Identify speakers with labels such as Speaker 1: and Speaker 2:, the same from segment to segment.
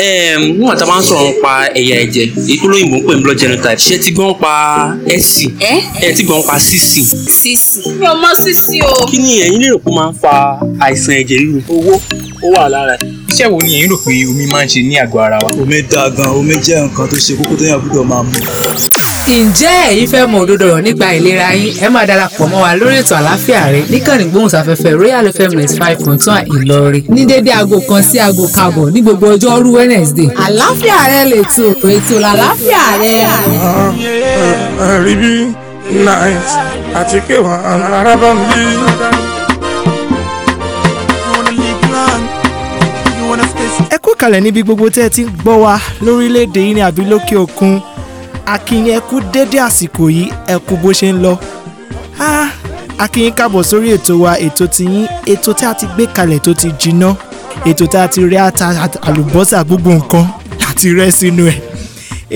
Speaker 1: níwọ̀n tá a máa ń sọ̀rọ̀ nípa ẹ̀yà ẹ̀jẹ̀ èyí tó lóyìnbó ń pè ní blood genotype ṣé ti gbọ́n pa SC ẹ ti gbọ́n pa CC.
Speaker 2: CC mi ò mọ̀ CC o.
Speaker 3: kí ni ẹ̀yin lérò pé máa ń fa àìsàn ẹ̀jẹ̀ ríru owó ó wà lára ẹ̀ iṣẹ́ wo ni ẹ̀yin rò pé omi máa ń ṣe ní àgọ́ ara wa. omi dáa gan omi jẹ́ nǹkan tó ṣe kókó tó yàn gbọ́dọ̀ máa mú
Speaker 2: ǹjẹ́ ẹ̀yin fẹ́ mọ òdodo ọ̀rọ̀ nípa ìlera yín ẹ máa darapọ̀ mọ́ wa lórí ètò àlàáfíà rẹ níkànnì gbóhùnsáfẹ́fẹ́ Royal FM five point one Ìlọrin ní dédé aago kan sí aago kábọ̀ ní gbogbo ọjọ́ rú Wednesday. àlàáfíà rẹ lè tu òpè ètò làlàáfíà rẹ.
Speaker 4: àríbí nice àti kéwà arábàmí. ẹ kú kalẹ̀ níbi gbogbo tẹ́ ẹ ti gbọ́ wa lórílẹ̀‐èdè yìí ní àbí lókè òkun akínyìn ẹ kú dédé àsìkò yìí ẹ kú bó ṣe ń lọ. akínyìn káàbọ̀ sórí ètò wa ètò tiyín ètò tí a ti gbé kalẹ̀ tó ti jiná ètò tí a ti rẹ́ ata àlùbọ́sà gbogbo nǹkan láti rẹ́ sínú ẹ̀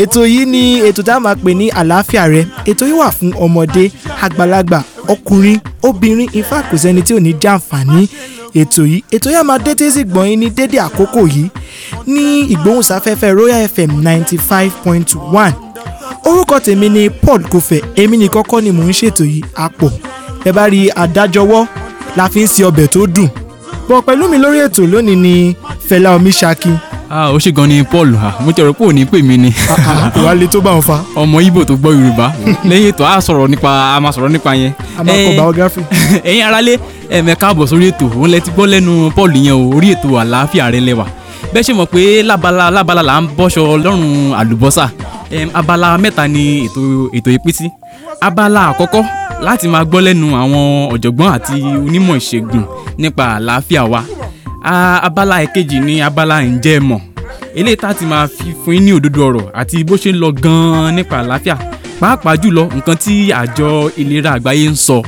Speaker 4: ètò yìí ni ètò tá a máa pè ní àlàáfíà rẹ ètò yìí wà fún ọmọdé àgbàlagbà ọkùnrin obìnrin ifá kò sẹ́ni tí ò ní jàǹfààní ètò yìí ètò yìí a máa dédé sí gbọ̀n yín ní dédé àkókò yìí ní ìgbóhùnsáfẹ́fẹ́ Royal FM ninety five point one orúkọ tèmi ni Paul Kofẹ èmi nìkan kọ́ ni mò ń ṣètò yìí àpọ̀ ẹ bá rí adájọwọ́ la fi ń ṣe ọbẹ̀ tó dùn bọ̀ pẹ̀lú mi lórí ètò lónìí ni Fẹlá Omiṣaki.
Speaker 3: a ò ṣe gan ni Paul ha mo tẹ̀rọ pé ò ní pè mí ni. Ah, ah,
Speaker 4: ah, ìwà le tó bá wọn fa.
Speaker 3: ọmọ Ìgbò tó gbọ́ Yorùbá lẹ́yìn ètò a sọ̀rọ̀ nípa a máa sọ̀rọ̀ nípa yẹn. a máa kọ biography. ẹ̀yin aráalé ẹ̀mẹ̀ káàbọ̀ sórí ètò òun lẹ ti gbọ́ lẹ́nu Paul yẹn o orí ètò àlàáfíà rẹ lẹ́wà bẹ́ẹ̀ ṣe mọ̀ pé lábala lábala là ń bọ́ṣọ lọ́rùn àlùbọ́sà um, abala mẹ́ta ni ètò ètò ìpín sí abala àkọ́kọ́ láti máa gbọ́ lẹ́nu àwọn ọ̀jọ̀gbọ́n àti onímọ̀ ìṣègùn nípa àlàáfíà wa abala ẹ̀kejì ni abala ǹjẹ́ ẹ mọ̀ eléyìí tá a ti máa fi fún yín ní òdodo ọ̀rọ̀ àti bó ṣe ń lọ gan-an nípa àlàáfíà pàápàá jùlọ nǹkan tí àjọ ìlera àgbáyé ń sọ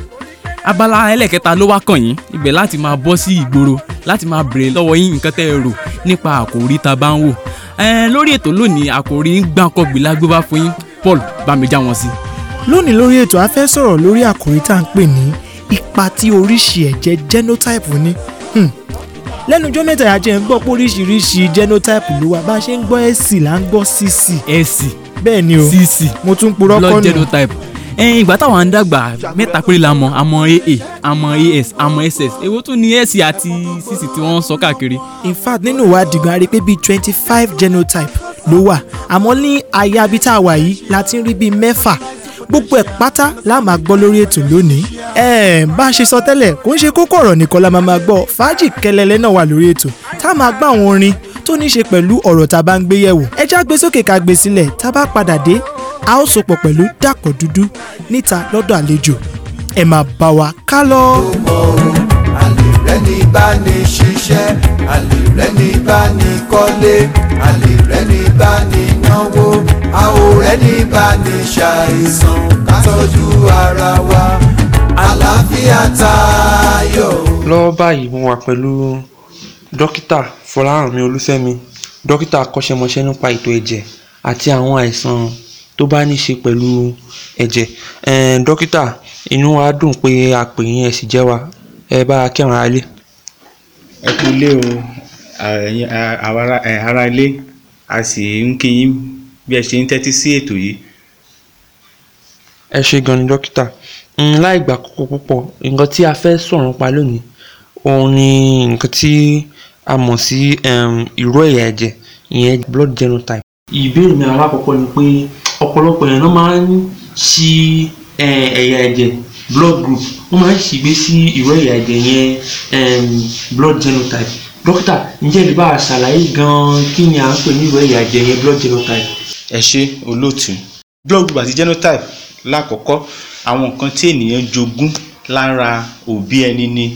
Speaker 3: abala ẹlẹ́kẹta ló wá kàn yín ibẹ̀ láti máa bọ́ sí ìgboro láti máa béèrè lọ́wọ́ yín nǹkan tẹ́ ẹ rò nípa àkòrí tá bá ń wò lórí ètò lónìí àkòrí ń gbàǹkọ̀gbìlà gbé wá fún yín Paul bámi já wọn sí.
Speaker 4: lónìí lórí ètò a fẹ́ sọ̀rọ̀ lórí àkòrí tá à ń pè ní ipa tí oríṣi ẹ̀jẹ̀ genotype ní. Hmm. lẹ́nu ọjọ́ mẹ́ta ìyájẹ́ ń gbọ́ pé oríṣiríṣi genotype ló wà bá a ṣe ń gbọ́ ẹ̀sì là ń gbọ́ cc. ẹ̀sì bẹ́ẹ̀ ni o cc mo tún purọ́ kọ́nù blood genotype
Speaker 3: ìgbà táwọn ń dàgbà mẹ́ta péré la mọ̀ àmọ́ aa àmọ́ as àmọ́ ss èwo tún ni s àti cc tí wọ́n sọ káàkiri.
Speaker 4: in fact nínú ìwádìí gan a rí pé bíi twenty five genotype ló wà àmọ́ ní àyà ibi tá a wà yìí la ti ń rí bíi mẹ́fà gbogbo ẹ̀ pátá la máa gbọ́ lórí ètò lónìí. ẹ ẹ bá a ṣe sọ tẹ́lẹ̀ kò ń ṣe kókó ọ̀rọ̀ nìkan la máa gbọ́ fàájì kẹlẹlẹ náà wà lórí ètò tá a máa gbọ́ àwọn orin tó ní ṣe pẹ̀lú ọ̀rọ̀ tá bá ń gbé yẹ̀wò ẹ já gbé sókè ká gbé sílẹ̀ tá a bá padà dé a ó sopọ̀ pẹ̀lú dàpọ̀ dúdú níta lọ́dọ̀ àlejò ẹ máa bá wa ká lọ. àlè rẹ̀ ní bá ní ṣiṣẹ́ àlè rẹ̀ ní bá ní kọ́lé àlè rẹ̀ ní bá ní náwó àwọ̀ rẹ̀ ní bá ní ṣàìsàn ká tọ́jú ara wa àlàáfíà tayọ.
Speaker 1: lọ́wọ́ báyìí mo wà pẹ̀lú dókítà Fọláhànmí Olúfẹ́mi dókítà akọ́ṣẹ́mọṣẹ́ nípa ètò ẹ̀jẹ̀ àti àwọn àìsàn tó bá ní í ṣe pẹ̀lú ẹ̀jẹ̀ um dókítà inú wa dùn pé a pè yín ẹ
Speaker 5: sì jẹ́ wa ẹ bá wa kí àwọn ará ilé.
Speaker 4: ẹ kú ilé o
Speaker 5: àwa ará ilé a sì ń kí yín bí ẹ ṣe ń tẹ́tí sí ètò yìí.
Speaker 1: ẹ ṣé gan ni dókítà láì gba àkókò púpọ̀ nǹkan tí a fẹ́ sọ̀rọ̀ nípa lónìí òun ni nǹkan tí a mọ̀ sí ìró ẹ̀yà ẹ̀jẹ̀ ìyẹn blood genotype. ìbéèrè mi alákọ̀ọ́kọ́ ni pé ọ̀pọ̀lọpọ̀ èèyàn ló máa ń ṣi ẹ̀yà ẹ̀jẹ̀ blood group wọ́n máa ń ṣègbè sí ìwé ẹ̀yà ẹ̀jẹ̀ yẹn blood genotype dókítà ǹjẹ́ ẹ lè bá a
Speaker 5: ṣàlàyé gan-an kí ni à ń pè ní ìwé ẹ̀yà ẹ̀jẹ̀ yẹn blood genotype. ẹ ṣe olóòtú blood group àti genotype lákọ̀ọ́kọ́ àwọn nǹkan tí ènìyàn jogún lára òbí ẹni ni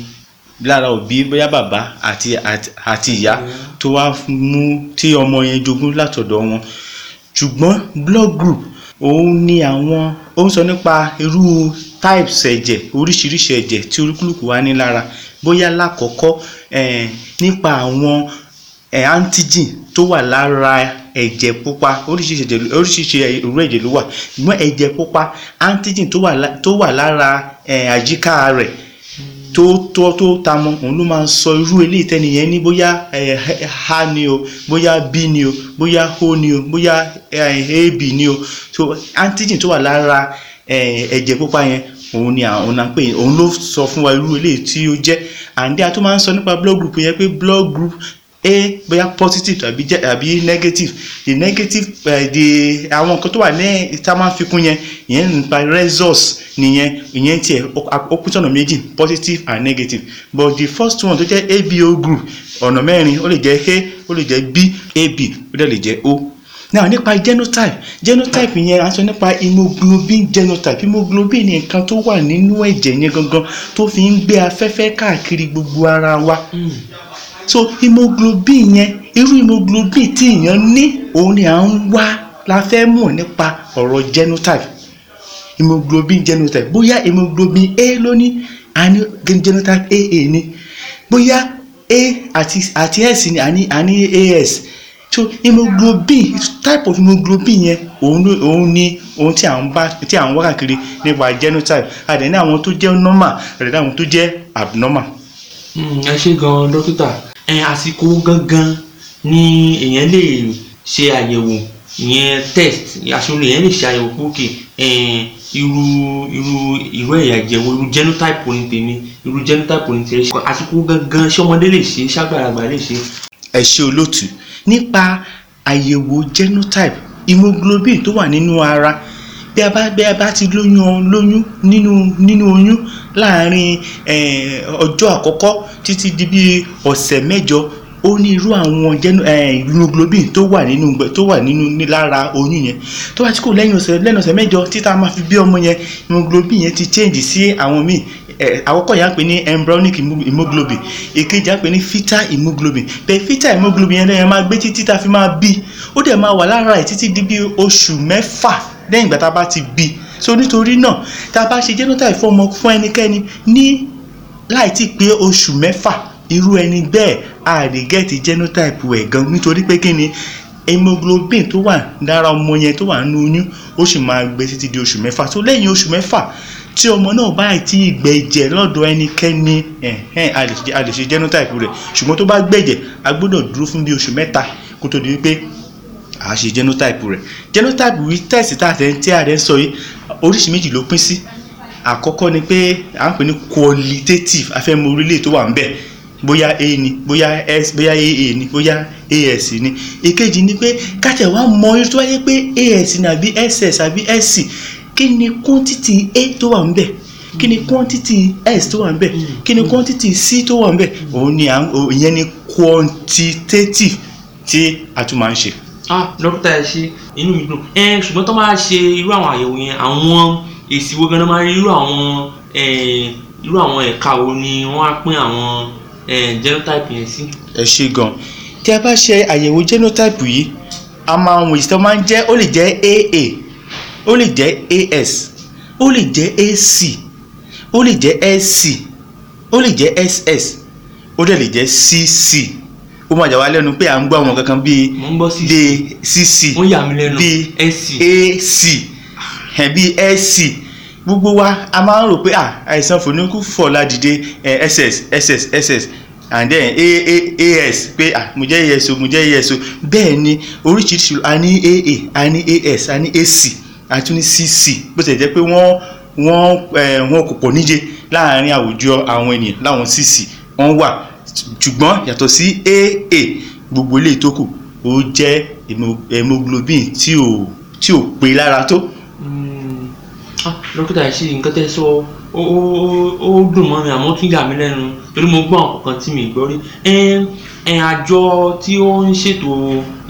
Speaker 5: lára òbí bóyá bàbá àti àti ìyá tó wá mú tí ọmọ yẹn jogún látọ̀dọ̀ wọn ṣùgbọ́n blood group òun ni àwọn ó ń sọ nípa irú types ẹ̀jẹ̀ oríṣiríṣi ẹ̀jẹ̀ tí olúkúlùkù wa ní lára bóyá lákọ̀ọ́kọ́ eh nípa àwọn um antigen tó wà lára ẹ̀jẹ̀ pupa oríṣiríṣi ẹ̀jẹ̀ oríṣiríṣi irú ẹ̀jẹ̀ ló wà ṣùgbọ́n ẹ̀jẹ̀ pupa antigen tó wà lára àyíká rẹ̀ tó tó tó ta mọ òun ló máa sọ irú eléyìí tẹ́nìyẹn ní bóyá ha ni o bóyá b ni o bóyá o ni o bóyá ab ni o so antigen tó wà lára ẹ̀jẹ̀ pupa yẹn òun ni àwọn náà pé òun ló sọ fún wa irú eléyìí tí ó jẹ́ àǹdí a tó máa ń sọ nípa blood group yẹn pé blood group a bóyá positive tàbí jẹ àbí negative the negative uh, the àwọn nǹkan tó wà ní tá a máa fi kún yẹn ìyẹn nípa results nìyẹn ìyẹn tiẹ̀ ó kú méjì positive and negative but the first one tó jẹ́ abo group ọ̀nà mẹ́rin ó lè jẹ́ a ó lè jẹ́ b ab ó dẹ̀ lè jẹ́ o now nípa genotype genotype yẹn à ń sọ nípa hemoglobin genotype hemoglobin ni nǹkan tó wà nínú ẹ̀jẹ̀ yẹn gangan tó fi ń gbé afẹ́fẹ́ káàkiri gbogbo ara wa. Mm so hemoglobin yẹn irú hemoglobin tí èèyàn ní òun ni à ń wá la fẹ́ mọ̀ nípa ọ̀rọ̀ genotype hemoglobin genotype bóyá hemoglobin a ló ní àní genotype aa ni bóyá a àti àti s ni àní àní as so hemoglobin type of hemoglobin yẹn òun ni òun ni ohun tí à ń bá tí à ń wá káàkiri nípa genotype àdẹ̀ ní àwọn tó jẹ́ normal àdẹ̀ ní àwọn tó jẹ́ abnormal.
Speaker 1: Hmm, ẹ ṣé gan dókítà àsìkò gangan ni èèyàn lè ṣe àyẹ̀wò ìyẹn test àṣọrò èèyàn lè ṣe àyẹ̀wò pé òkè irú irú irú ẹ̀yà ìjẹ̀wò irú genotype ni tèmi
Speaker 5: irú genotype ni tèmi àsìkò gangan ṣé ọmọdé lè ṣe ṣàgbàlagbà lè ṣe. ẹ ṣe olóòtú nípa àyẹ̀wò genotype hemoglobin tó wà nínú ara bí a bá bí a bá ti lóyún lóyún nínú nínú oyún láàárín ọjọ́ àkọ́kọ́ títí di bí ọ̀sẹ̀ mẹ́jọ ó ní irú àwọn hemoglobin tó wà nínú tó wà nínú lára oyún yẹn tó bá ti kò lẹ́yìn ọ̀sẹ̀ lẹ́yìn ọ̀sẹ̀ mẹ́jọ títa máa fi bí ọmọ yẹn hemoglobin yẹn ti change sí àwọn míì àkọ́kọ́ yà ń pè ní embryonic hemoglobin èkejì à pè ní fetal hemoglobin bẹ́ẹ̀ fetal hemoglobin yẹn lẹ́yìn máa gbé títí tá a fi máa bí ó dẹ̀ máa wà lára ẹ̀ títí di bí oṣù mẹ́fà lẹ́yìn ìgbà tá a bá ti bí so nítorí náà tá a bá ṣe genotype fọmọ fún ẹnikẹ́ni ní láì tí pé oṣù mẹ́fà irú ẹni bẹ́ẹ̀ a lè gẹ́ẹ̀tì genotype ẹ̀ gan nítorí pé kí ni hemoglobin tó wà lára ọmọ yẹn tó wà nínú oyún ó sì máa gbé títí di oṣù mẹ́fà so lẹ́yìn oṣù mẹ́fà tí ọmọ náà bá ti gbẹ̀jẹ̀ lọ́dọ̀ ẹnikẹ́ni a lè ṣe genotype rẹ̀ ṣùgbọ́n tó bá gbẹ̀jẹ̀ a gbọ́dọ̀ dúró fún bí oṣù mẹ́ta kó tó di wípé a ṣe genotype rẹ̀ genotype with test tá a tẹ̀ tí a rẹ̀ ń sọ yìí oríṣi méjì ló pín sí àkọ́kọ́ ni pé à ń pè ní qualitative afẹ́mu orílẹ̀ tó wà ń bẹ̀ bóyá a ni bóyá s bóyá aa ni bóyá as ni èkejì ni pé kájà wa mọ irú tó wáyé pé as ni àbí ss àbí sc kí ni quantity a tó wà ń bẹ̀ kí ni quantity s tó wà ń bẹ̀ kí ni quantity c tó wà ń bẹ̀ òun ni ìyẹn ni quantitative tí a tún máa ń ṣe
Speaker 1: ah dókítà ẹ ṣe inú mi dùn ẹ ṣùgbọ́n tó máa ṣe irú àwọn àyẹ̀wò yẹn àwọn èsì wo gan-an máa rí irú àwọn irú àwọn ẹ̀ka wo ni wọ́n á pín àwọn genotype yẹn sí.
Speaker 5: ẹ ṣe gan tí a bá ṣe àyẹ̀wò genotype yìí a máa wọ̀n ìsìtọ́ máa ń jẹ́ ó lè jẹ́ aa ó lè jẹ́ as ó lè jẹ́ ac ó lè jẹ́ sc ó lè jẹ́ ss ó dẹ̀ lè jẹ́ cc ó máa jà wá lẹ́nu pé à ń gbọ́ àwọn kankan bíi d cc bíi ac bíi sc gbogbo wa a máa ń rò pé àìsàn fòníkù fọlá dìde ss ss ss and then a a as pé ah mo jẹ́ aso mo jẹ́ aso bẹ́ẹ̀ ni oríṣiríṣi a ní aa a ní as a ní ac a tún ní cc bó ṣe jẹ́ pé wọ́n wọ́n ẹ̀ wọ́n kò pọ̀ níje láàrin àwùjọ àwọn ènìyàn láwọn cc wọ́n wà ṣùgbọ́n yàtọ̀ sí aa gbogbo eléyìí tó kù ó jẹ́ hemoglobin tí ò tí ò pé lára tó.
Speaker 1: Hmm. Ah, dókítà ṣe nǹkan tẹ́ sọ ó ó dùn mọ́ mi àmọ́ tún yà mí lẹ́nu torí mo gbọ́ àwọn kan tí mi gbọ́ rí ẹ àjọ tí ó ń ṣètò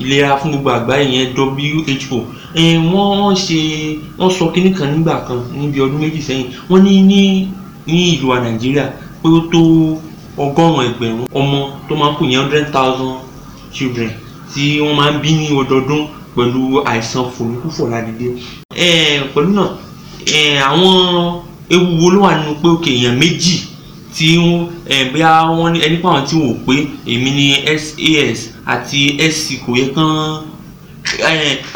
Speaker 1: ìlera fún gbogbo àgbáyé yẹn WHO wọ́n ṣe wọ́n sọ kínní kan nígbà kan níbi ọdún méjì sẹ́yìn wọ́n ní ní ní ìlú wa Nàìjíríà pé ó tó ọgọ́rùn-ún ẹgbẹ̀rún ọmọ tó máa ń kú yẹn hundred thousand children tí wọ́n máa ń bí ní ọdọọdún pẹ̀lú àìsàn fòlùkúfọ̀ládìde. pẹ̀lú náà àwọn ewu wo ló wà nínú pé òkè èèyàn méjì tí bí wọ́n ní ẹni pàwọn tí wọ́n pé èmi ni SAS àti SC kò yẹ kán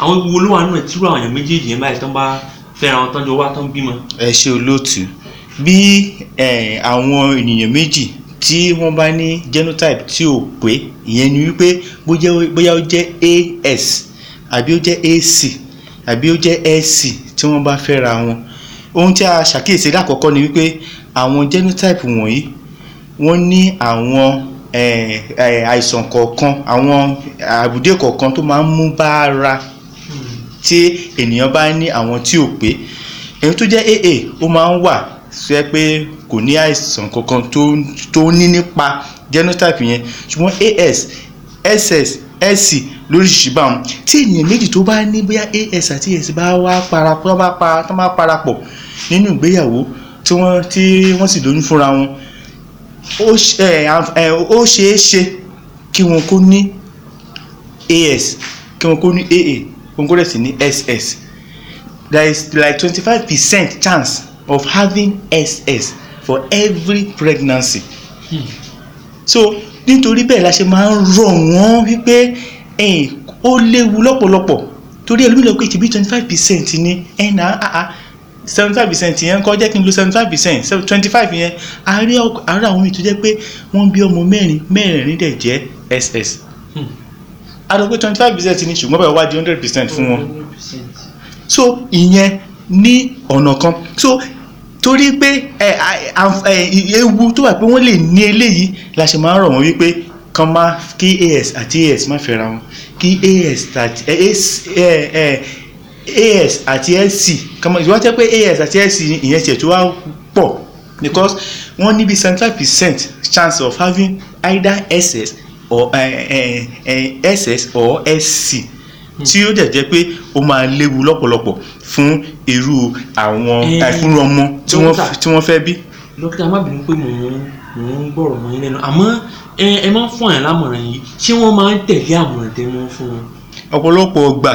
Speaker 1: àwọn ewu wo ló wà nínú ẹ̀ tí irú àwọn èèyàn méjèèjì yẹn báyìí tán bá fẹ́ràn àwọn tán jọ wá tán bímọ.
Speaker 5: ẹ ṣe olóòtú bí àwọn ènìyàn méjì tí wọ́n bá ní genotype tí ò pé ìyẹn ni wípé bóyá ó jẹ́ as àbí ó jẹ́ ac àbí ó jẹ́ sc tí wọ́n bá fẹ́ra wọn ohun tí a ṣàkíyèsí lákọ̀ọ́kọ́ ni wípé àwọn genotype wọ̀nyí wọ́n ní àwọn eh, eh, àìsàn kọ̀ọ̀kan àwọn àbùdé kọ̀ọ̀kan tó máa ń mú bá ara tí ènìyàn bá ní àwọn tí ò pé èyí tó jẹ́ aa ó máa ń wà ṣe pé kò ní àìsàn kankan tó tó ní nípa genotype yẹn ṣùgbọ́n as ss sc lóríṣiríṣi bá wọn tí ènìyàn méjì tó bá ní bóyá as àti s bá wá parapọ̀ bá para tó bá parapọ̀ nínú ìgbéyàwó tí wọ́n tí wọ́n sì lóyún fúnra wọn ó ṣeé ṣe kí wọn kó ní as kí wọn kó ní aa wọn kó dẹ̀ sì ní ss there is like twenty five percent chance of having SS for every pregnancy. Hmm. so nítorí bẹ́ẹ̀ la ṣe máa ń rọ̀ wọ́n wípé ó léwu lọ́pọ̀lọpọ̀ torí ẹlòmíràn pé ti bí twenty five percent ni ẹ̀nà àá seventy five percent yẹn kọ́ jẹ́ kí n lo seventy five percent twenty five yẹn àárẹ̀ àárẹ̀ àwọn mi tó jẹ́ pé wọ́n bí ọmọ mẹ́rin mẹ́rin dẹ̀ jẹ́ SS hmm. a lọ pé twenty five percent ni ṣùgbọ́n báyìí wá di hundred percent fún wọn so ìyẹn ní ọ̀nà kan so torí pé ewu tó wà pé wọ́n lè ní eléyìí la ṣe máa ń rọ̀ wọ́n wípé kan máa kí as àti as má fẹ́ra wọn kí as àti sc kan máa ìwádìí pé as àti sc ìyẹn tiẹ̀ tó wá pọ̀ because wọ́n níbi seventy five percent chance of having either ss or ss or sc tí ó dẹ̀ jẹ́ pé ó máa léwu lọ́pọ̀lọpọ̀ fún irú àwọn eh, fún ọmọ tí wọ́n fẹ́ bí. dókítà má bínú pé mò
Speaker 1: ń mò ń gbọ́rọ̀ mọ́ yín lẹ́nu àmọ́ ẹ máa ń fún àyàn lámọ̀ràn yìí ṣé wọ́n máa ń tẹ̀lé
Speaker 5: àmọ̀ràn tẹ́ wọ́n fún wọn. ọ̀pọ̀lọpọ̀ ọgbà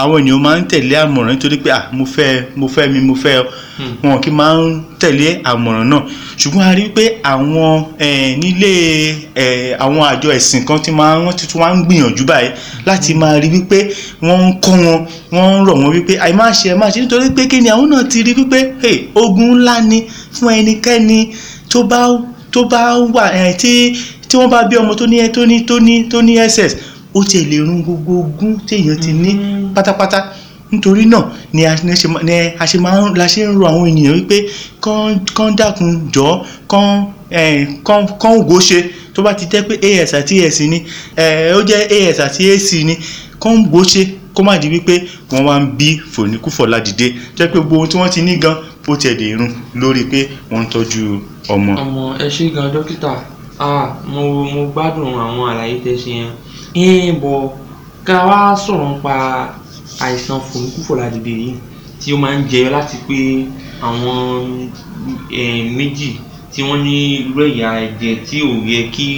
Speaker 5: àwọn ènìyàn máa ń tẹ̀lé àmọ̀ràn nítorí pé ah mo fẹ́ mo fẹ́ mi mo fẹ́ hmm. wọn kì í máa ń tẹ̀lé àmọ̀ràn náà ṣùgbọ́n a rí pé àwọn nílé àwọn àjọ ẹ̀sìn kan ti máa wọ́n ti tún wá ń gbìyànjú báyìí láti hmm. máa rí wípé wọ́n ń kọ́ wọn wọ́n ń rọ̀ wọ́n wípé àì má ṣe ẹ má ṣe nítorí pé kí ni àwọn náà ti rí wípé ogun ńlá ni fún ẹnikẹ́ni tó bá wà tí wọ́n bá bí ọmọ tó ní tó ní tó ní tó ní ss ó tiẹ̀ lè run gbogbo ogún téèyàn ti ní mm-hmm. pátápátá nítorí náà ni a ṣe máa ń la ṣe ń rọ àwọn ènìyàn wípé kán dákun jọ kán kán ògo ṣe tó bá ti jẹ́ pé as àti as ni ó jẹ́ as àti ac ni kán ògo ṣe kó má di wípé wọ́n wá ń bí fòníkúfọ̀lá dìde jẹ́ pé gbogbo ohun tí wọ́n ti ní gan ó tiẹ̀ dè irun lórí pé wọ́n ń tọ́jú ọmọ. ọmọ
Speaker 1: ẹ ṣé gan dókítà ah mo mo gbádùn àwọn àlàyé tẹ́ ṣe yẹn Ẹn bọ̀ ká wá sọ̀rọ̀ nípa àìsàn fòníkú-fọ̀la-dìde yìí tí ó máa ń jẹyọ láti pé àwọn um méjì tí wọ́n ní irú ẹ̀yà ẹ̀jẹ̀ tí ò yẹ kí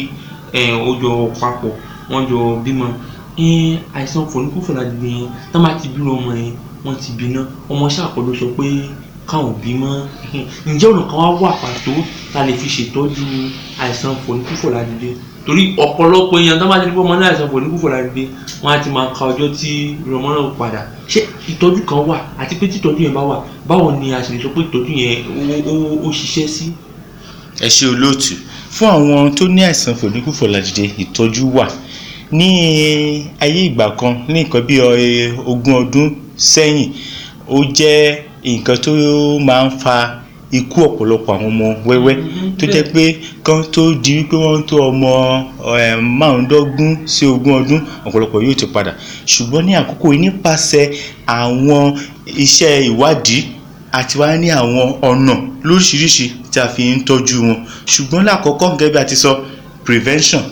Speaker 1: um ó jọ papọ̀, wọ́n jọ bímọ. um Àìsàn fòníkú-fọ̀la-dìde yẹn, tán bá ti bírú ọmọ yẹn, wọ́n ti bi ná. Ọmọ ṣáà kọ́ ló sọ pé káwọn bí mọ́. Ǹjẹ́ ọ̀nà kan wá wà pàtó ta lè fi ṣètọ́jú àìsàn fòníkú dìde torí ọ̀pọ̀lọpọ̀ èèyàn tó bá ti rí bọ́mọ náà àìsàn kò ní kúfọ̀ láti gbé wọn á ti máa ka ọjọ́ tí ìrọmọ náà padà ṣé ìtọ́jú kan wà àti pé títọ́jú yẹn bá wà báwo ni a sì lè sọ pé ìtọ́jú yẹn ó ṣiṣẹ́ sí.
Speaker 5: ẹ ṣe olóòtú fún àwọn tó ní àìsàn fòlíkúfọ̀ làdìde ìtọ́jú wà ní ayé ìgbà kan ní nǹkan bí ogún ọdún sẹ́yìn ó jẹ́ nǹkan tó máa ń fa ikú ọ̀pọ̀lọpọ̀ àwọn ọmọ wẹ́wẹ́ mm-hmm. tó jẹ́ pé kan tó di wípé wọ́n ń tó ọmọ eh, márùndínlógún sí ogún ọdún ọ̀pọ̀lọpọ̀ yóò ti padà ṣùgbọ́n ní àkókò yìí nípasẹ̀ àwọn iṣẹ́ ìwádìí àti wá ní àwọn ọ̀nà lóríṣiríṣi tí a fi ń tọ́jú wọn ṣùgbọ́n lákọ̀ọ́kọ́ gẹ́gẹ́ bí a ti sọ prevention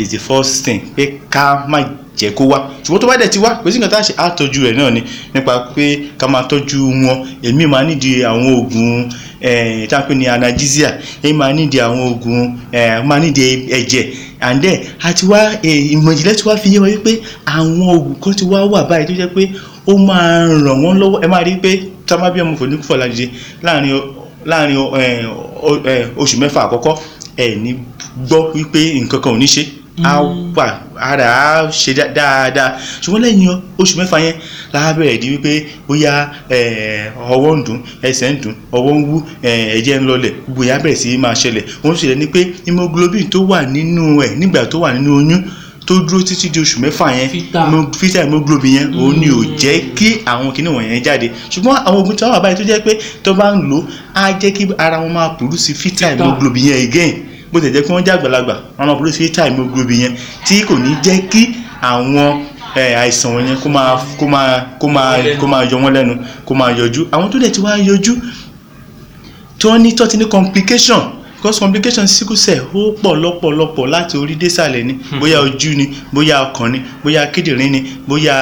Speaker 5: is the first thing pé ká má jẹ́ kó wá ṣùgbọ́n tó bá dẹ̀ ti wá kò sí nǹkan tá a ṣe á tọ́jú rẹ̀ náà ni nípa pé ká máa tọ́jú wọn èmi máa nídìí àwọn oògùn eh, tá a pè ní analgesia èmi máa nídìí àwọn oògùn eh, máa nídìí ẹ̀jẹ̀ and then àti wá eh, ìmọ̀ ìjìnlẹ̀ tí wàá fi yé wọn wípé àwọn oògùn kan ti wá wà báyìí tó jẹ́ pé ó máa ràn wọ́n lọ́wọ́ ẹ máa rí pé tá bí ọmọ kò ní kú fọ̀làjì láàrin láàrin oṣù mẹ́fà àkọ́kọ́ ẹ̀ ní gbọ́ wípé nǹkan kan ò ní ṣe á wà ara á ṣe dáadáa ṣùgbọ́n lẹ́yìn oṣù mẹ́fà yẹn la di wípé bóyá ọwọ́ ń dùn ẹsẹ̀ ń dùn ọwọ́ ń wú ẹ̀jẹ̀ ń lọlẹ̀ bóyá bẹ̀rẹ̀ sí máa ṣẹlẹ̀ òun ṣẹlẹ̀ ni pé hemoglobin tó wà nínú ẹ̀ nígbà tó wà nínú oyún tó dúró títí di oṣù mẹ́fà yẹn fita hemoglobin yẹn òun ni ò mm. jẹ́ kí àwọn kinní wọ̀nyẹn jáde ṣùgbọ́n àwọn oògùn tí wọ́n wà báyìí tó jẹ́ pé tó bá ń lò á jẹ́ kí ara wọn máa pòdùsí fita hemoglobin yẹn again bó tẹ̀ jẹ́ pé wọ́n jẹ́ àgbàlagbà wọ́n máa produce hiv hemoglobin yẹn tí kò ní jẹ́ kí àwọn àìsàn yẹn kó máa kó máa kó máa kó máa yọ wọ́n lẹ́nu kó máa yọjú àwọn tó dẹ̀ ti wá yọjú tó ní tó ti ní complication because complication sickle cell ó pọ̀ lọ́pọ̀lọpọ̀ láti orí désàlẹ̀ ni hmm. bóyá ojú ni bóyá ọkàn ni bóyá kíndìnrín ni bóyá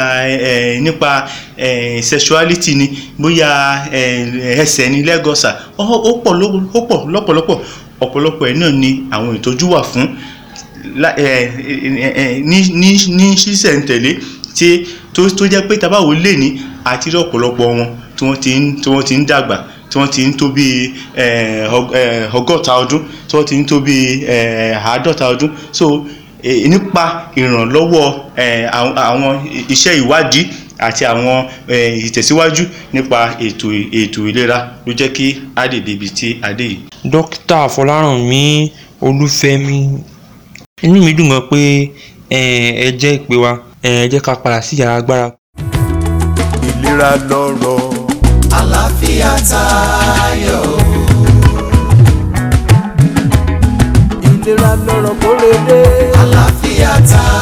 Speaker 5: nípa sexuality ni bóyá ẹsẹ̀ ni lẹ́gọ̀sà ó pọ̀ lọ́pọ̀lọpọ̀ ọ̀pọ̀lọpọ̀ ẹ̀ náà ni àwọn ìtọ́jú wà fún ní ṣísẹ̀ntẹ̀lé tí tó jẹ́ pé tabawo lè ní àti rí ọ̀pọ̀lọpọ̀ wọn tí wọ́n ti ń dàgbà tí wọ́n ti ń tó bí ọgọ́ta ọdún tí wọ́n ti ń tó bí àádọ́ta ọdún so e, nípa ìrànlọ́wọ́ àwọn iṣẹ́ ìwádìí àti àwọn ìtẹ̀síwájú nípa ètò ètò ìlera ló jẹ́ kí a dé débi tí a dé yìí.
Speaker 1: dókítà fọlárànmí olúfẹ́mi inú mi dùn gan pé ẹ jẹ́ ìpè wa ẹ jẹ́ ká padà sí yàrá agbára.
Speaker 4: ìlera lọ́rọ̀. àlàáfíà tayọ. ìlera lọ́rọ̀ kórede. àlàáfíà tayọ.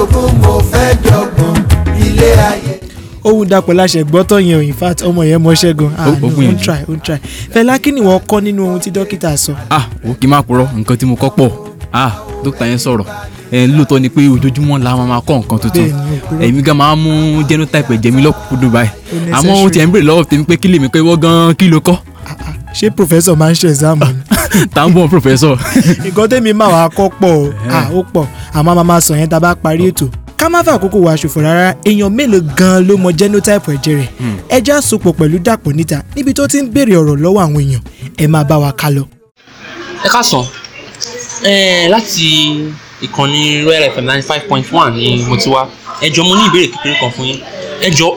Speaker 4: orogún mo fẹ́ dọ́gbọ́n ilé ayé ohun dapò láṣẹ gbọ́tọ̀ yẹn o in fact ọmọ yẹn mọṣẹ́ gan ah no n try n try Fẹlá kí ni wọ́n kọ́ nínú ohun tí dókítà sọ.
Speaker 3: ah o kì í máa purọ́ nǹkan tí mo kọ́ pọ̀ ah dókítà yẹn sọ̀rọ̀ ẹ̀ lóòótọ́ ni pé ojoojúmọ́ la máa máa kọ́ nǹkan tuntun èmi gan máa ń mú genotype ẹ̀jẹ̀ mi lọ́kùnkúndùn báyìí àmọ́ ó ti ẹ̀ ń bèrè lọ́wọ́ tèmi pé kí lèmi pé wọ́n gan kí ló
Speaker 4: kọ́ ah, ah ṣé professor máa ń ṣe exam
Speaker 3: ni. professor.
Speaker 4: nǹkan tẹ́mi máa wà á kọ́ pọ̀ o ó pọ̀ àmọ́ a máa sọ yẹn tá a bá parí ètò ká má fà àkókò wa ṣòfò rárá èèyàn mélòó gan-an ló mọ genotype ẹ̀jẹ̀ rẹ̀ hmm. ẹjẹ́ àsopọ̀ pẹ̀lú dàpọ̀ níta níbi tó ti ń béèrè ọ̀rọ̀ lọ́wọ́ àwọn èèyàn ẹ máa bá wa ká lọ.
Speaker 1: ẹ káàsán láti ìkànnì Royal FM ninety five point one ni mo ti wá ẹ jọ mo ní ìbéèrè kékeré kan fún yín ẹ jọ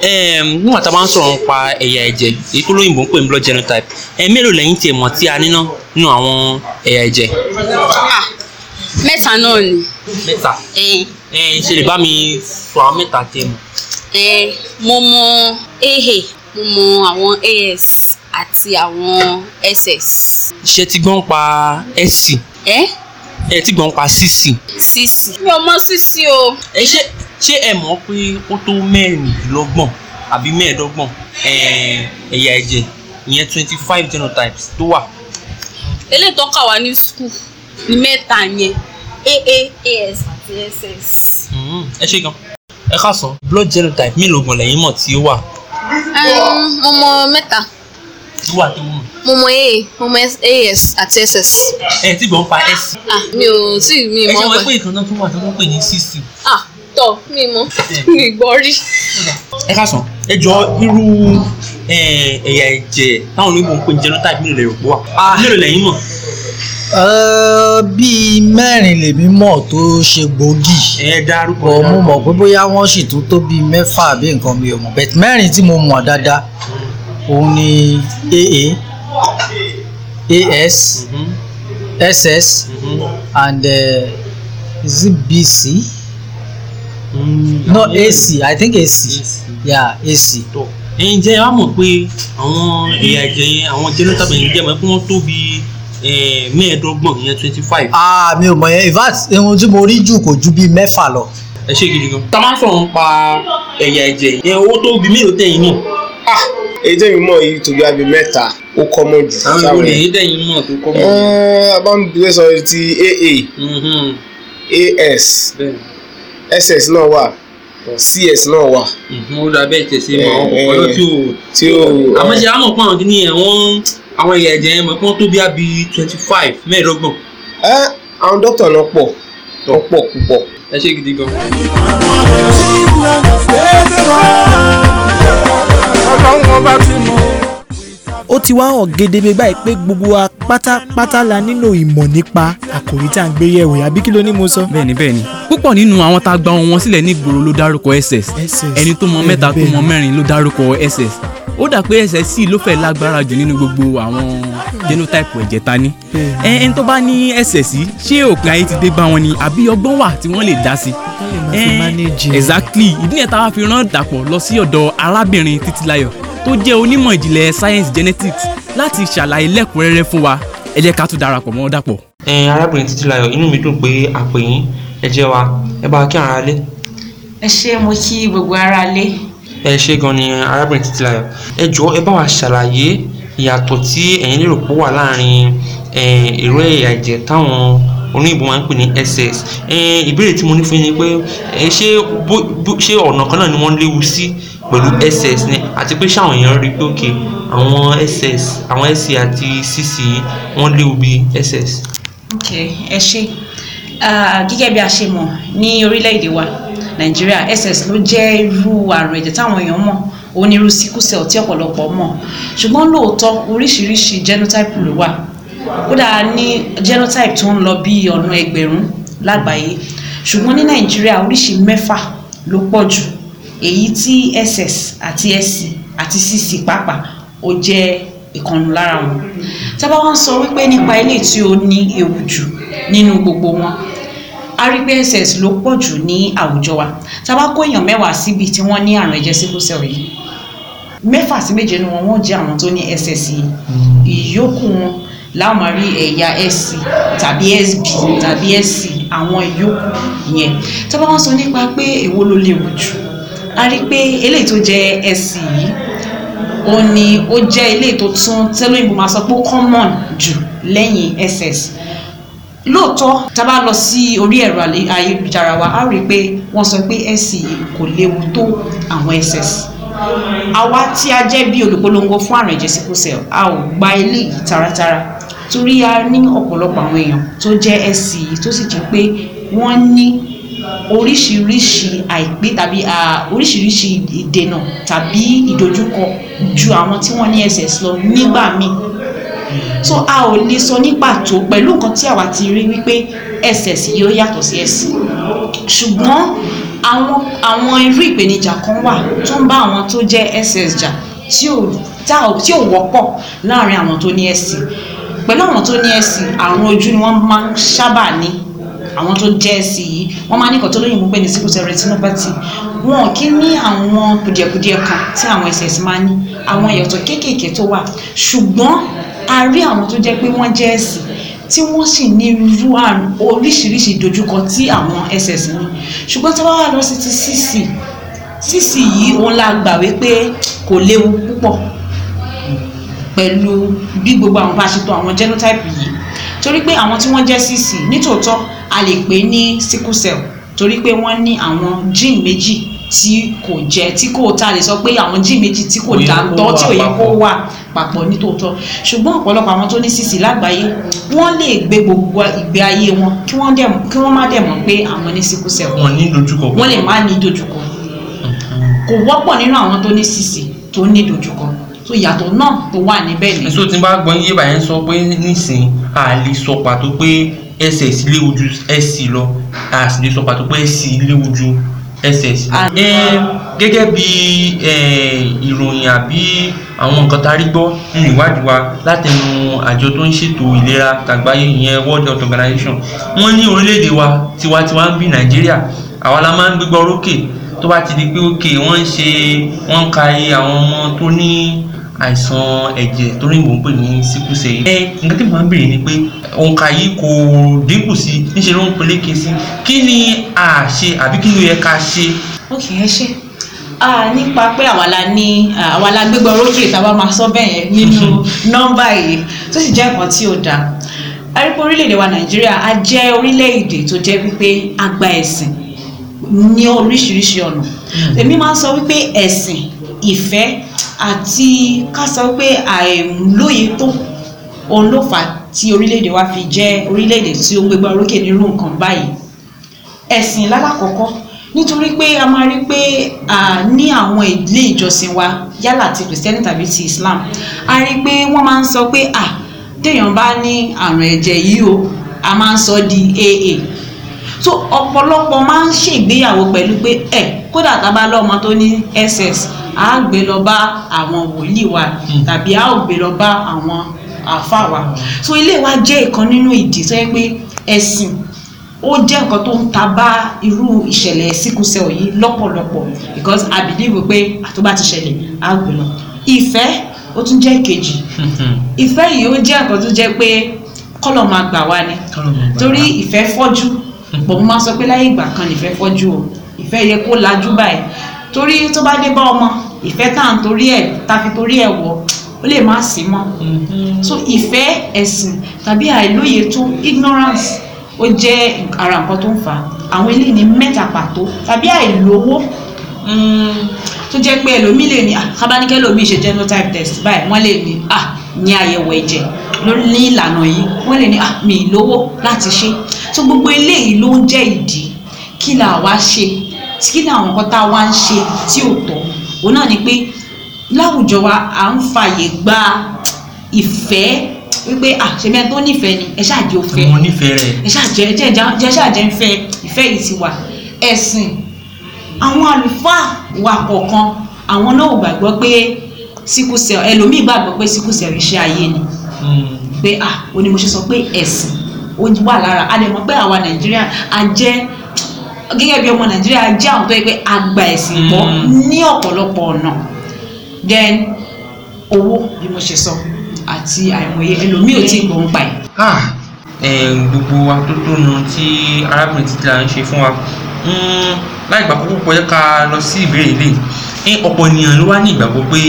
Speaker 1: nígbà tá a bá ń sọ̀rọ̀ nípa ẹ̀yà ẹ̀jẹ̀ èyí tó lóyìnbó ń pè ní blood genotype ẹ mélòó lẹ́yìn tiẹ̀ mọ̀ tí a níná nínú àwọn ẹ̀yà ẹ̀jẹ̀. Ah,
Speaker 2: mẹ́ta náà ni. mẹ́ta eh.
Speaker 1: ẹ ṣe lè bá mi sọ àwọn mẹ́ta tiẹ̀ mọ̀.
Speaker 2: Eh, mo mọ aa mo mọ àwọn as àti àwọn ss.
Speaker 1: ṣé ti gbọ́n pa sc. ẹ ẹ ti gbọ́n eh? pa cc.
Speaker 2: cc. mi ò mọ cc o. ẹ ṣe ṣé ẹ mọ̀ pé ó
Speaker 1: tó mẹ́rìndínlọ́gbọ̀n àbí mẹ́ẹ̀ẹ́dọ́gbọ̀n eh, ẹ̀yà ẹ̀jẹ̀ ìyẹn twenty five genotypes tó wà.
Speaker 2: eléyìí tó kà wá ní skul ní mẹ́ta yẹn aa as àti ss.
Speaker 1: Hmm, ẹ ṣe gan ẹ ká sọ blood genotype mélòó gan lẹ́yìn mọ̀ tí ó wà.
Speaker 2: Um, mo mọ̀ mẹ́ta.
Speaker 1: tó wà tó mọ̀.
Speaker 4: mo mọ̀ aa mo mọ̀ as àti ss.
Speaker 1: ẹ ti gbọ́n pa s.
Speaker 4: Ah, mi ò
Speaker 2: tí mi mọ̀ ọ́ pẹ́. ẹ ṣe wọ́n pé
Speaker 1: ìkànnà tó wà tó ń pè ní cystic.
Speaker 2: ah tọ̀ mi mọ́ mi gbọ́ rí.
Speaker 1: ẹ ká sàn ẹ jọ irú ẹ̀yà ẹ̀jẹ̀ táwọn onígbò ń pè ní genotype mi ah. lè rò pọ̀ wá mélòó lẹ́yìn mọ̀.
Speaker 3: bíi mẹ́rin lèmi mọ̀ tó ṣe gbòógì. ẹ dárúkọ ẹ dárúkọ mo mọ̀ pé bóyá wọ́n sì tún tó bíi mẹ́fà àbí nǹkan mi ò mọ̀ bẹ́ẹ̀ mẹ́rin tí mo mọ̀ dáadáa òun ni aa as mm -hmm. ss mm -hmm. and uh, eh, zbc
Speaker 1: no ac
Speaker 2: i think ac
Speaker 5: yeah
Speaker 1: ac. ẹyin jẹ́ wàá mọ̀ pé àwọn ẹ̀yà ẹ̀jẹ̀ yẹn àwọn genital bẹ̀rẹ̀ jẹ́ mọ̀ pé wọ́n tóbi mẹ́ẹ̀ẹ́dọ́gbọ̀n yẹn twenty five. ah
Speaker 3: mi ò mọ̀ yẹn in fact ohun tí mo rí jù kò ju bíi mẹ́fà lọ.
Speaker 1: ẹ ṣe gidi gan. tá a máa sọ̀rọ̀ nípa
Speaker 3: ẹ̀yà ẹ̀jẹ̀ yẹn owó tó bí mélòó tẹ̀yìn náà. ah èyí tẹ̀yìn mọ̀ yìí tó bí abẹ mẹ́ta ó kọ́ mọ́ jù. àwọn ìwé èyí
Speaker 1: tẹ̀yìn mọ̀ tó kọ́ mọ́ jù.
Speaker 3: Eh, abámu bí wọ́n sọ ti aa as. Mhm. bẹ́ẹ̀ ss náà wà cs náà wà.
Speaker 1: Mhm, ó dà bẹ́ẹ̀ tẹ̀sí mọ́ eh, ọ̀pọ̀lọpọ̀ eh, tí o tí o àmọ́ ṣe àmọ̀ pọ́n ní ẹ̀wọ̀n àwọn ẹ̀yà ẹ̀jẹ̀ yẹn mọ̀ kí wọ́n tó bí a bí twenty five mẹ́ẹ̀ẹ́dọ́gbọ̀n.
Speaker 4: ẹ eh, àwọn dókítà náà pọ̀ náà pọ̀
Speaker 1: púpọ̀. ẹ ṣe gidi gan.
Speaker 5: ọlọ́run ọba ti mú
Speaker 4: ó ti wá hàn gedegbe báyìí pé gbogbo wa pátápátá la nílò ìmọ̀ nípa àkòrí tá à ń gbé yẹ̀wò àbí kí ló ní mo sọ.
Speaker 3: bẹ́ẹ̀ni bẹ́ẹ̀ni púpọ̀ nínú àwọn tá a gba wọn sílẹ̀ nígboro ló dárúkọ SS ẹni tó mọ mẹ́ta tó mọ mẹ́rin ló dárúkọ SS ó dà pé ẹsẹ̀ sí ló fẹ́ lágbára jù nínú gbogbo àwọn genotype ẹ̀jẹ̀ ta ní. ẹn tó bá ní ẹsẹ̀ ṣé òpin ayé ti dé bá wọn ni àbí ọgbọ́n wà tí wọ́n lè dá sí. exactly ìdí nìyẹn tá fi rán dàpọ̀ lọ sí ọ̀dọ̀ arábìnrin títílayọ̀ tó jẹ́ onímọ̀ ìjìnlẹ̀ science genetics láti ṣàlàyé lẹ́kùnrẹ́rẹ́ fún wa ẹ jẹ́ ká tún darapọ̀ mọ́ dàpọ̀. ẹ̀yin arábìnrin Títílayọ̀ inú mi
Speaker 1: dùn pé a pè yín ẹ jẹ́ wa ẹ bá kí ara lé.
Speaker 2: ẹ ṣé mo kí gbogbo ara lé.
Speaker 1: ẹ ṣé gan ni arábìnrin Títílayọ̀ ẹ jọ ẹ bá wa ṣàlàyé ìyàtọ̀ tí ẹ̀yin lérò pé wà láàrin èrò ẹ̀yà ẹ̀jẹ̀ táwọn oníyìnbó máa ń pè ní SS ìbéèrè tí mo ní fún yín ni pé ṣé ọ̀nà kan náà ni wọ́n léwu sí pẹ̀lú ss ni àti pé ṣáwọn èèyàn rí pé òkè àwọn ss àwọn sc àti cc wọ́n léwu bí ss.
Speaker 2: ok ẹ ṣe gẹ́gẹ́ bí a ṣe mọ̀ ní orílẹ̀-èdè wa nàìjíríà ss ló jẹ́ irú àrùn ẹ̀jẹ̀ táwọn èèyàn mọ̀ onírú sickle cell tí ọ̀pọ̀lọpọ̀ mọ̀ ṣùgbọ́n lóòótọ́ oríṣiríṣi genotype ló wà kódà ní genotype tó ń lọ bí ọ̀nà ẹgbẹ̀rún lágbàáyé ṣùgbọ́n ní nàìjíríà oríṣi mẹ́fà ló pọ̀ jù èyí tí ss àti sc àti cc pàápàá ó jẹ́ ìkànnù lára wọn tábà wọn sọ wípé nípa ilé tí ó ní ewu jù nínú gbogbo wọn a rí pé ss ló pọ̀ jù ní àwùjọ wa tábà kó èèyàn mẹ́wàá síbi tí wọ́n ní àrùn ẹ̀jẹ̀ sickle cell yìí mẹ́fà sí méje ni wọn wọ́n jẹ́ àwọn tó ní ss yìí ìyókù wọn láwọn máa rí ẹ̀yà sc tàbí sb tàbí sc àwọn ìyókù yẹn tábà wọn sọ nípa pé èwo ló léwu jù a rí i pé eléyìí tó jẹ ẹ̀sì yìí òun ni ó jẹ́ eléyìí tó tún tẹ́lóyìnbó máa sọ pé common jù lẹ́yìn ss lóòótọ́ tá a bá lọ sí orí ẹ̀rọ ayélujára wa a rí i pé wọ́n sọ pé ẹ̀sì kò léwu tó àwọn ss àwa tí a jẹ́ bí olùpolongo fún àrùn ẹ̀jẹ̀ sickle cell a ò gba eléyìí taratara torí a ní ọ̀pọ̀lọpọ̀ àwọn èèyàn tó jẹ́ ẹ̀sì tó sì jẹ́ pé wọ́n ní oríṣiríṣi àìpé tàbí oríṣiríṣi ìdènà tàbí ìdojúkọ ju àwọn tí wọ́n ní SS lọ nígbà míì so a ò lè sọ ní pàtó pẹ̀lú nǹkan tí àwa ti rí wípé SS yóò yàtọ̀ sí ẹ̀sìn ṣùgbọ́n àwọn àwọn irú ìpèníjà kan wà tó ń bá àwọn tó jẹ́ SS jà tí ò tá ò tí ò wọ́pọ̀ láàrin àwọn tó ní ẹ̀sìn pẹ̀lú àwọn tó ní ẹ̀sìn àrùn ojú ni wọ́n máa ń sábà ní àwọn tó jẹ́ sí i wọ́n máa ní nǹkan tó lóyìnbó pé ní sickle cell retinopathy wọn ò kí ní àwọn kùdìẹ̀kùdìẹ̀ kan tí àwọn ẹsẹ̀ sì máa ní àwọn ìyàtọ̀ kéékèèké tó wà ṣùgbọ́n a rí àwọn tó jẹ́ pé wọ́n jẹ́ sí i tí wọ́n sì ní irú àrùn oríṣiríṣi ìdojúkọ tí àwọn ẹsẹ̀ sì ní ṣùgbọ́n tí wọ́n wá lọ sí ti cc cc yìí òun la gbà wípé kò léwu púpọ̀ pẹ̀lú bí gbogbo àwọn bá ṣe tò àwọn genotype yìí torí pé àwọn tí wọ́n jẹ́ cc nítòótọ́ a lè pè ní sickle cell torí pé wọ́n ní àwọn gene méjì tí kò jẹ́ tí kò ta lè sọ pé àwọn gene méjì tí kò dáńtọ́ tí ò yẹ kó wà papọ̀ nítòótọ́ ṣùgbọ́n ọ̀pọ̀lọpọ̀ àwọn tó ní cc lágbàáyé wọ́n lè gbé gbogbo ìgbé ayé wọn kí wọ́n má dẹ̀ mọ̀ pé àwọn ní sickle cell wọn
Speaker 1: ní dojúkọ wọ́n lè má
Speaker 2: ní dojúkọ mm-hmm. kò wọ́pọ̀ nínú àwọn tó ní cc tó ní dojúkọ so ìyàtọ̀ náà tó wà níbẹ̀ ni. èso
Speaker 1: tí n bá gbọ́n yé bàyẹn sọ pé nísìn a lè sọ pàtó pé ss léwu ju sc lọ a sì lè sọ pàtó pé sc léwu ju ss lọ. gẹ́gẹ́ bí ìròyìn àbí àwọn nǹkan tá a rí gbọ́ nínú ìwádìí wa látẹnu àjọ tó ń ṣètò ìlera tàgbáyé ìyẹn world health organization wọ́n ní orílẹ̀-èdè wa tiwantiwa ń bí nàìjíríà àwa la máa ń gbégbá orókè tó bá ti di pé òkè wọ́n ń ṣe wọ́n ń ka iye àwọn ọmọ tó ní àìsàn ẹ̀jẹ̀ tó rí ìwọ̀n pè ní sickle cell ẹ nǹkan tí mo máa ń béèrè ni pé òǹkà yìí kò dínkù sí níṣẹ́ ló ń peléke sí kí ni a ṣe àbí kí ló yẹ ká ṣe.
Speaker 2: ok ẹ ṣe ah nípa pé àwa la ní àwa la gbégbá orójú ìtawá máa sọ bẹ́ẹ̀ yẹn nínú nọ́mbà yìí tó sì jẹ́ nǹkan tí ò dáa arípo orílẹ̀-èdè wa nàìjíríà a jẹ́ orílẹ̀-èdè tó jẹ́ wípé a gba ẹ̀sìn ní oríṣiríṣi ọ̀nà hmm. èmi máa ń sọ wípé ẹ̀sìn ìfẹ́ àti ká sọ pé àìlóye tó òun ló fà tí orílẹ̀-èdè wa fi jẹ́ orílẹ̀-èdè tí ó ń gbégbá orókè nírú nǹkan báyìí ẹ̀sìn lálákọ̀ọ́kọ́ nítorí pé a máa rí pé ní àwọn ilé ìjọsìn wa yálà ti kìrìsìtẹ́nì tàbí ti Islam a rí pé wọ́n máa ń sọ pé à téèyàn bá ní àrùn ẹ̀jẹ̀ yìí o a máa ń sọ di aa so ọ̀pọ̀lọpọ̀ máa ń ṣègbéyàwó pẹ̀lú pé ẹ̀ kódà tá a bá lọ́mọ tó ní SS a gbé lọ bá àwọn wòlíì wa tàbí a ò gbé lọ bá àwọn àfa wa so ilé wa jẹ́ ìkan nínú ìdí tó yẹ pé ẹ̀sìn ó jẹ́ nǹkan tó ń ta bá irú ìṣẹ̀lẹ̀ síkúsẹ̀ yìí lọ́pọ̀lọpọ̀ because I believe pé àtúbà ti ṣẹlẹ̀ á gbé lọ ìfẹ́ ó tún jẹ́ ìkejì ìfẹ́ yìí ó jẹ́ nǹkan tó jẹ́ pé kọ́lọ̀ máa gbà wá ni torí ìfẹ́ fọ́jú bọ̀ mo máa sọ pé láyé ìgbà kan nìfẹ́ fọ́jú o ìfẹ́ yẹ kó lajú báyìí torí tó bá dé bá ọmọ ìfẹ́ tá à ń torí ẹ̀ tá fi torí ẹ̀ wọ̀ ó lè má sí mọ́ mhm. so ìfẹ́ ẹ̀sìn tàbí àìlóye tó ignorance ó jẹ́ ara nǹkan tó ń fà á àwọn eléyìí ní mẹ́ta pàtó tàbí àìlówó mhm. tó jẹ́ pé ẹlòmíì lè ní kábánikẹ́ ah, lòmíì ṣe genotype test báyìí wọ́n lè ní ah ní àyẹ̀wò ẹ̀jẹ̀ ní ìlànà yìí wọ́n lè ní ah mi lówó láti ṣe so gbogbo eléyìí ló ń jẹ́ ìdí kí là wá ṣe tí kí ni àwọn nǹkan tá a wá ń ṣe tí ò tọ́ òun náà ni pé láwùjọ wa à ń fààyè gba ìfẹ́ wípé àṣẹmí ẹni tó nífẹ̀ẹ́ ni ẹ ṣáàjẹ́ òfẹ́
Speaker 1: ọmọ nífẹ̀ẹ́ rẹ
Speaker 2: ẹ ṣáàjẹ́ ẹ ṣáàjẹ́ ìfẹ́ ìfẹ́ yìí ti wà ẹ̀sìn àwọn àlùfáà wa kọ̀ọ̀kan àwọn náà ò gbàgbọ́ pé sickle cell ẹlòmíì gbàgbọ́ pé sickle cell iṣẹ́ ayé ni hmm. pé ah òní mo ṣe sọ pé ẹ̀sìn ó wà lára a lè mọ̀ pé àwa Nàìjíríà a jẹ́ gẹ́gẹ́ bí ọmọ nàìjíríà jẹ́ àwọn tó yẹ pé àgbà ẹ̀sìn pọ̀ hmm. ní ọ̀pọ̀lọpọ̀ ọ̀nà then owó bí mo ṣe sọ àti àìmọye ẹlòmíì ò tí ì gbọ̀n pa ẹ̀. Ah,
Speaker 1: gbogbo atótónu tí arábìnrin títí la ń ṣe fún wa hmm, láì gbà púpọ̀ yẹ ká lọ sí ìbéèrè ilé ọ̀pọ̀ ènìyàn ló wá ní ìgbàgbọ́ pé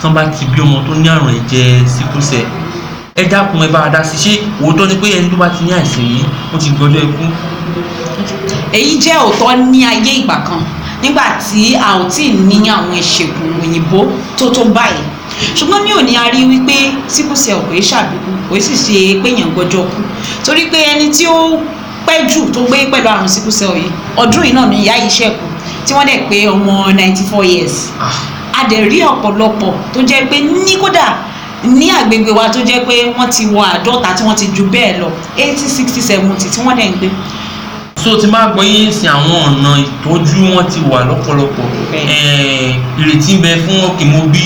Speaker 1: tán bá ti bí ọmọ tó ní àrùn ẹ̀jẹ̀ síkúsẹ̀ ẹ dákun ẹ bá a dá sí ṣé òótọ́ ni pé ẹni tó bá ti ní àìsàn yìí ó ti gbọ́dọ̀ ikú
Speaker 2: èyí jẹ́ òótọ́ ní ayé ìgbà kan nígbà tí a ò tí ì ní àwọn ìṣègùn òyìnbó tó tó báyìí ṣùgbọ́n ní òní a rí wípé sickle cell kò é ṣàbíkú kò é sì ṣe péyàn gbọ́jọ́ kú torí pé ẹni tí ó pẹ́ jù tó gbé pẹ̀lú àrùn sickle cell yìí ọdún yìí náà ni ìyá yìí ṣẹ̀kù tí wọ́n dẹ̀ pé ọmọ ninety four years ah. a dẹ̀ rí ọ̀pọ̀lọpọ̀ tó jẹ́ pé ní kódà ní àgbègbè wa tó jẹ́ pé wọ́n ti wọ àádọ́ta tí wọ́n ti ju bẹ́ẹ̀ lọ eighty sixty seventy tí wọ́n dẹ̀ ń gbé
Speaker 1: so ti máa gbọ́ yé sin àwọn ọ̀nà ìtọ́jú wọn ti wà lọ́pọ̀lọpọ̀ ìrètí ń bẹ fún ọkì mo bí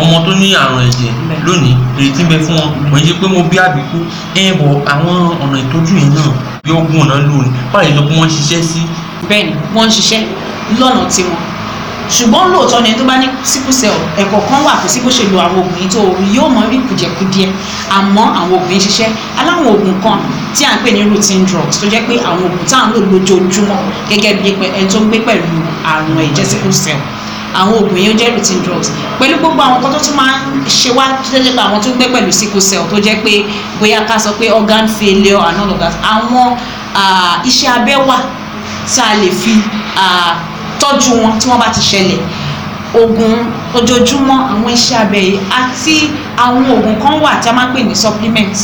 Speaker 1: ọmọ tó ní àrùn ẹ̀jẹ̀ lónìí ìrètí ń bẹ fún wọn wọ́n yé pé mo bí àbíkú ẹ̀ bọ̀ àwọn ọ̀nà ìtọ́jú yẹn náà bí ó gùn náà lónìí báyìí ló pé wọ́n ṣiṣẹ́ sí.
Speaker 2: bẹ́ẹ̀ni wọ́n ń ṣiṣẹ́ lọ́nà tiwọn ṣùgbọ́n lóòótọ́ ni ẹni tó bá ní sickle cell ẹ̀kọ́ kan wà kò sí bó ṣe lo àwọn oògùn yìí tó yóò mọ rí kùjẹkùdíẹ àmọ́ àwọn oògùn yìí ṣiṣẹ́ aláwọn oògùn kan tí à ń pè ní routine drugs tó jẹ́ pé àwọn oògùn tá à ń lò lójoojúmọ́ gẹ́gẹ́ bí ẹni tó ń gbé pẹ̀lú àrùn ẹ̀jẹ̀ sickle cell àwọn oògùn yìí ó jẹ́ routine drugs pẹ̀lú gbogbo àwọn kan tó tún máa ń ṣe wá jẹ́jẹ́ pé àwọn tó ń gbé pẹ̀lú sickle cell tó jẹ́ pé bóyá ká organ failure and all of that àwọn iṣẹ́ abẹ wà tá a tọ́jú wọn tí wọ́n bá ti ṣẹlẹ̀ oògùn ojoojúmọ́ àwọn iṣẹ́ abẹ yìí àti àwọn oògùn kan wà tí a máa ń pè ní supplement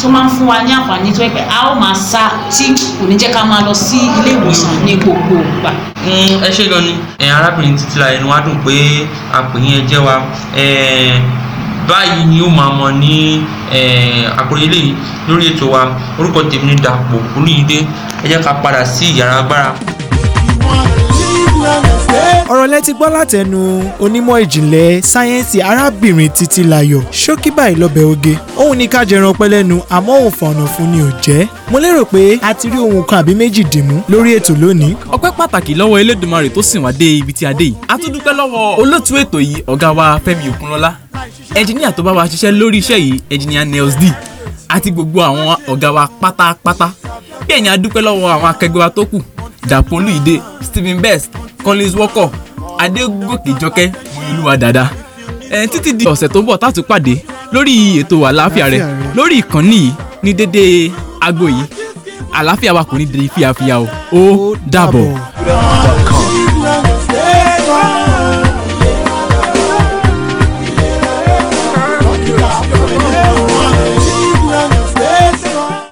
Speaker 2: tó máa ń fún wa ní àǹfààní tó yẹ pé a ó máa sá tí kò ní jẹ́ ká máa lọ sí ilé ìwòsàn ní gbogbo ìgbà.
Speaker 1: Hmm, ẹ ṣe gan ni arábìnrin títí la ẹnu wa dùn pé àpèyìn ẹjẹ wa báyìí ni ó máa mọ ní àkórí eléyìí lórí ètò wa orúkọ tèmi ni Dàpọ̀ Olúyìndé ẹ jẹ́ ká padà sí yàrá agbára
Speaker 4: lẹ ti gbọ́ látẹnu onímọ̀ ìjìnlẹ̀ sáyẹ́ǹsì arábìnrin títí layọ̀ ṣókí báyìí lọ́bẹ̀ oge òun ní ká jẹran pẹ́ lẹ́nu àmọ́ òun fọ̀nà fún ni ò jẹ́ mo lérò pé a ti rí ohun kan àbí méjì dìmú lórí ètò lónìí.
Speaker 3: ọpẹ́ pàtàkì lọ́wọ́ elédùnmarè tó sìn wá dé ibi tí a dé yìí a tún dúpẹ́ lọ́wọ́ olóòtú ètò yìí ọ̀gá wa Fẹ́mi Òkúnlọ́lá ẹnjìníà tó bá wa ṣiṣẹ́ lórí iṣẹ́ yìí ẹnjìníà Nels D àti gbogbo àwọn ọ̀gá wa pátápátá bẹ́ẹ̀ ni a dúpẹ́ lọ́wọ́ àwọn akẹgbẹ́ wa tó kù Dàpọ̀ Olúyìdé Stephen Best Collins Walker adégòkè jọkẹ́ olúwa dada ẹ títí di ọ̀sẹ̀ tó ń bọ̀ tààtú pàdé lórí ètò àlàáfíà rẹ lórí ìkànnì yìí ní dédé aago yìí àlàáfíà wa kò ní di fíafíà o ó dàbọ̀.